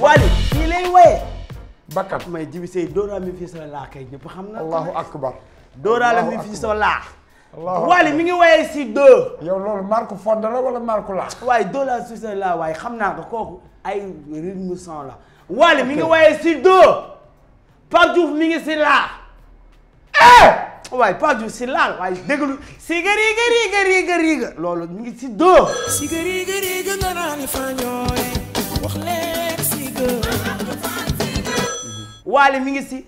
Wally kii lay woyee bakkan may jibi sey dooraa mi fii sa laa kay ñëpp xam na allahu akbar dooraa la mi fii sa laa Wally mi ngi woyee si doo yow loolu marque fond la wala marque la waaye dooraa si sa laa waaye xam naa ko kooku ay rythme son la Wally mi ngi woyee si doo Pape Diouf mi ngi si laa eh! waaye Pape Diouf si laal waaye déglu si gëriga riga riga loolu ñu ngi si dóor si gëriga nga naan fa ñooy wax leen si waale ci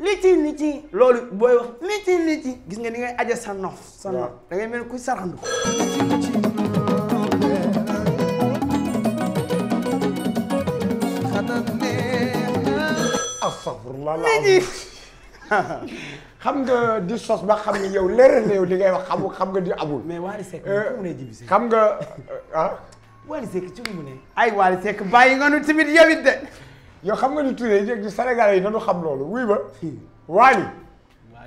li ci loolu booy wax li ci gis nga ni ngay aja sa nof sa nof kuy saraxandu astafurlah xam nga di sos ma xam ne yow leeral na yow li ngay wax xamu xam nga di amul. mais Wally Seck euh, mu xam nga euh, ah. Wally Seck ci mu ne. ay Wally Seck bàyyi nga nu tamit yow it de. yow xam nga ni Touré di Sénégal yi nanu xam loolu wuy ba Wally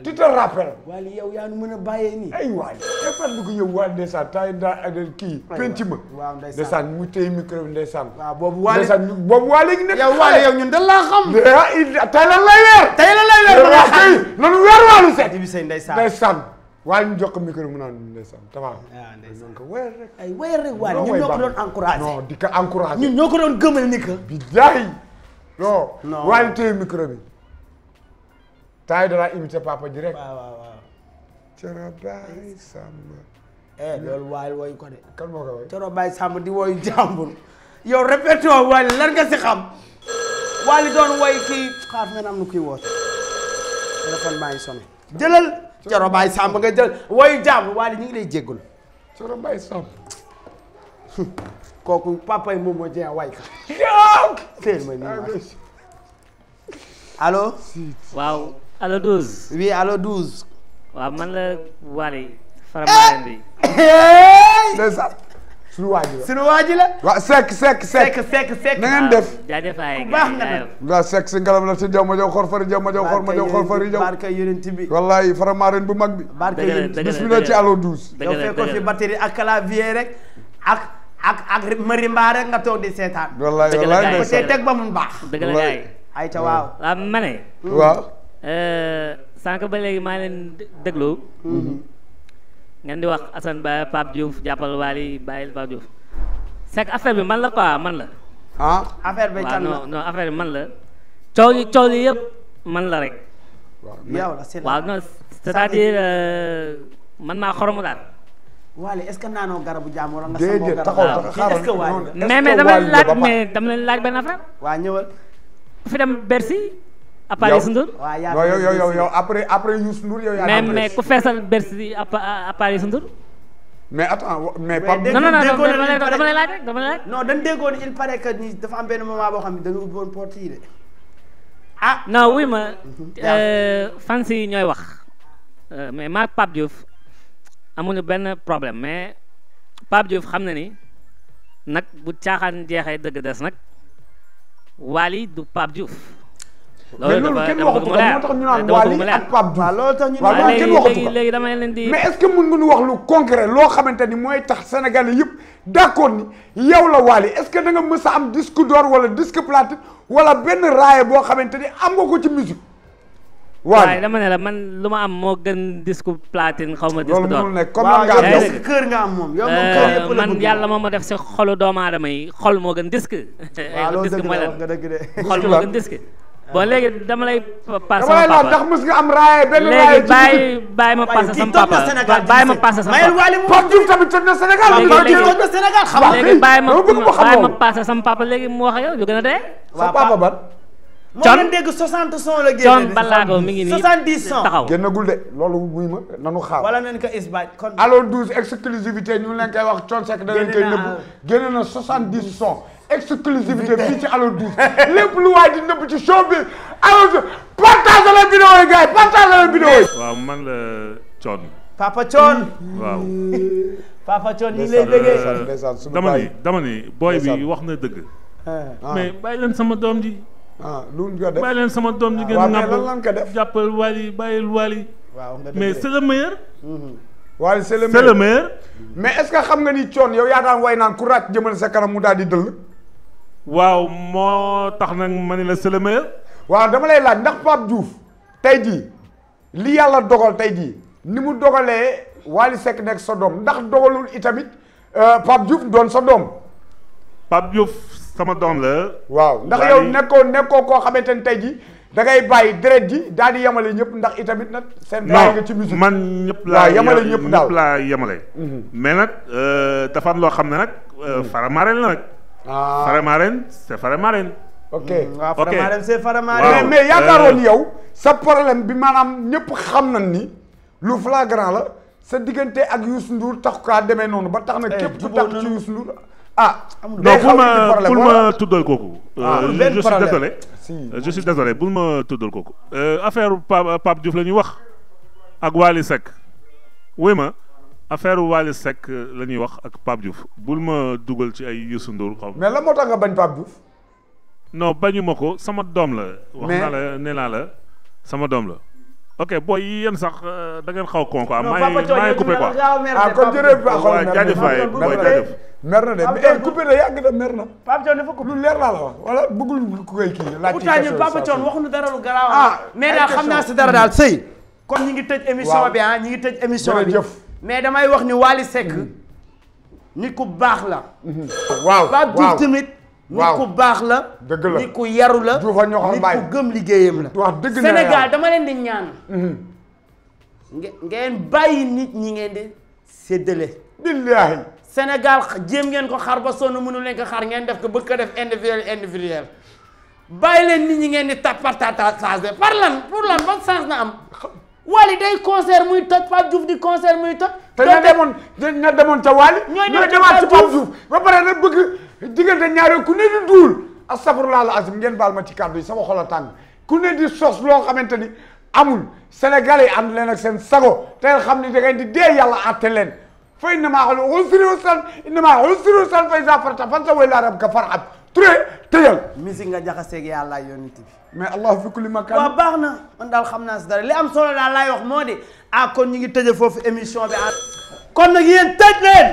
tu te rappelles. waaye yow yaa nu mën a bàyyee nii. ay waay fàttali ko yow waa ndeysaan taay daa ak kii. penc ma waaw ndeysaan mu téye micro bi ndeysaan. waaw boobu waale ndeysaan boobu waale yi nekk. yow waale yow ñun dañ laa xam. Ah, tey lan lay weer. tey lan lay weer ba nga xam loolu weer waalu set. di bi say ndeysaan ndeysaan. waaye ñu jox ko micro mu naan ndeysaan tamit. waaw ah, ndeysaan ko weer rek. ay weer rek waale ñun ñoo ko doon encouragé. non di ko encouragé. ñun ñoo ko doon gëmal ni que. bi jaay. non waaye téye micro bi temps yi danaa imité papa ji rek. waaw waaw waaw. Coro eh, di woyu jàmbur. yow répété woon waay lan nga si xam. waay doon woy kii. xaar nga am kuy woote. téléphone baa ngi sonné. jëlal Coro Baye Samb nga jël woyu ñu ngi lay jéggul. Coro Baye kooku papa yi moom moo jeex waay ka. yow. teel ma nii waay allo. waaw. allo 12. oui allo man la Waly Faramaren bi. ndeysaan. suñu waa ji la waa ji la. waaw sek sek sek. sek sek na ngeen def. jaajëf aay baax nga def. waaw sek si ngalam la si jaw ma jaw xor fari jaw ma jaw xor ma jaw xor fari jaw. barka yonent bi wallaay Faramaren bu mag bi. barka yonent bi bismillah ci allo 12. dëgg la dëgg fi batterie ak clavier rek ak. ak ak rek nga toog di seetaan. wallaay wallaay teg ba mu baax. ma ne. waaw. Euh, sànq ba léegi maa leen déglu. Mm-hmm. ngeen di wax Assane Ba Pape Diouf jàppal Waly bàyyil Pape Diouf c'est que bi man la quoi man la. ah affaire bi bi man la yëpp man la rek. yow la c'est waaw non cest à euh, man maa xoromu daal. Waly est-ce laaj mais dama laaj benn affaire. waa ñëwal. fi dem Bercy. après Youssou Ndour yow yow yow yow après après Youssou Ndour yow yaa mais mais ku feesal Bercy après Youssou Ndour mais attends mais Pape non non non dama lay laaj rek dama lay laaj non dañ déggoon il paraît que ni dafa am benn moment boo xam ne dañu ubbi woon porte yi de ah non wuy ma mhm. euh, fans yi ñooy wax euh, mais maa Pape Diouf amuñu benn problème mais Pape Diouf xam na ni nag bu caaxaan jeexee dëgg des nag Wally du Pape Diouf mais loolu kenn waxatu ko moo tax ñu naan waa lii tax ñu naan léegi dama leen di mais wax lu concret loo xamante ni mooy tax Sénégalais yëpp d'accord ni yow la Wally est-ce que da nga mës a am disque door wala disque platine wala benn raaye boo xamante ni am nga ko ci musique waaye dama ne la man lu ma am moo gën disque platine xaw ma disque d'or kër nga am moom yow euh, man yàlla moom ma def si xolu doomu aadama yi xol moo gën disque disque mooy lan xol moo bon léegi dama lay paas sama papa ndax mës am raay benn raay léegi bàyyi bàyyi ma paas sama papa bàyyi ma paas sama papa Pape Diouf tamit toj na Sénégal toj na Sénégal xam léegi bàyyi ma bàyyi mu wax ak yow gën a dee sa papa ban moo ngi nii 70 son taxaw de loolu muy ma nanu xaar wala nañ kon alors 12 exclusivité ñu ngi leen koy wax Thione Seck da leen koy nëbb génne na 70 son exclusivité fii ci Allô 12 lépp lu waay di nëbb ci show bi alors partage la vidéo yi gars yi partage la vidéo yi. waaw man la Thione. papa Thione. waaw. papa Thione ñu ngi lay déggee. dama ni dama bi wax na dëgg. Ah. mais bàyyi leen sama doom ji. ah lu nga def leen sama doom ji. waaw mais lan lan ko def jàppal waaw nga mais c'est le meilleur. Mhm. waaye c'est le meilleur c'est le meilleur. mais ce que xam nga ni Thione yow yaa daan way naan ku ràcc jëmale sa kanam mu daal di dëll. waaw moo tax nag ma ne la sëlëmaya waaw dama lay laaj ndax Pape Diouf tey jii li yàlla dogal tey jii ni mu dogalee Wally Seck nekk sa doom ndax dogalul itamit euh, Pape Diouf doon sa doom Pape Diouf sama doom la waaw ndax yow nekkoo nekkoo koo xamante ne tey jii da ngay bàyyi deret di daal di yemale ñëpp ndax itamit nag seen bàyyi nga ci musique man ñëpp laa yemale ñëpp daal ñëpp yemale mhm. mais nag euh, dafa am loo xam ne nag euh, mhm. faramareel na rek ah Faramaren c'est Faramaren. ok mm, waaw Faramaren c'est Faramaren. Euh, yow sa problème bi maanaam ñëpp xam nañ ni lu flagrant la sa diggante ak Youssou Ndour tax ka demee noonu ba tax na eh, képp ku tax ci Youssou Ndour. ah amul benn problème bul ma tuddal kooku. Ah, euh, je suis désolé. Euh, je suis désolé bul ma tuddal kooku. affaire Pape Pape Diouf la ñuy wax ak Wally Seck wuy ma. affaire Wally Seck la ñuy wax ak Pape Diouf bul ma dugal ci ay Youssou Ndour xaw mais la moo tax nga bañ Pape Diouf. non bañu ma ko sama doom la. wax naa la nee naa la sama doom la. ok booy yi yéen sax euh, dangeen ngeen xaw a kon quoi. maa ngi maa ah, ah, ah, ngi na de mais eh, coupé na yàgg na mer na. Pape leer wala bëggul ku koy kii. laaj ci question Pape Thion waxuñu xam naa dara daal sëy. ngi tëj émission bi ah ñi ngi tëj émission bi jërëjëf mais damay wax ni Wally Seck mm-hmm. nit ku baax la. Mm-hmm. ba Pape Diouf tamit. waaw nit ku baax la. dëgg la nit ku yaru la. Diouf nit ku gëm liggéeyam la. wax dëgg na Sénégal dama leen di ñaan. Mm-hmm. ngeen bàyyi nit ñi ngeen di séddale. billaahi. Sénégal jéem ngeen ko xar ba sonn mënu leen ko xar ngeen def ko bëgg ko def individuel individuel bàyyi leen nit ñi ngeen di tappartaataat changé par lan pour lan ban chance na am. Wally day concert muy toj Pape Diouf di concert muy toj. te ña demoon ña demoon ca Wally. ñooy dem ca Pape Diouf Pape Diouf ba pare nag bëgg diggante ñaari ku ne di duul astafurlah al azim geen baal ma ci kàddu yi sama xol a tàng ku ne di sos loo xamante ni amul Sénégalais yi ànd leen ak seen sago te xam ni da di dee yàlla àtte leen fa innamaa al usri yusran innamaa al usri yusran fa izaa faragta fansab wa ka rabbika farghab Touré tëjal. musique nga jaxaseeg yàlla yonent bi. mais allah fi kulli makaan. waaw baax na man daal xam naa si dara li am solo daal laay wax moo di ah kon ñu ngi tëje foofu émission bi kon nag yéen tëj leen.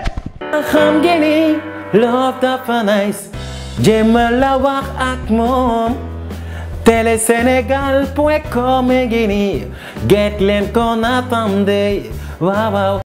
xam ngeen ni love dafa nice la wax ak moom télé sénégal point com get leen kon attendez waaw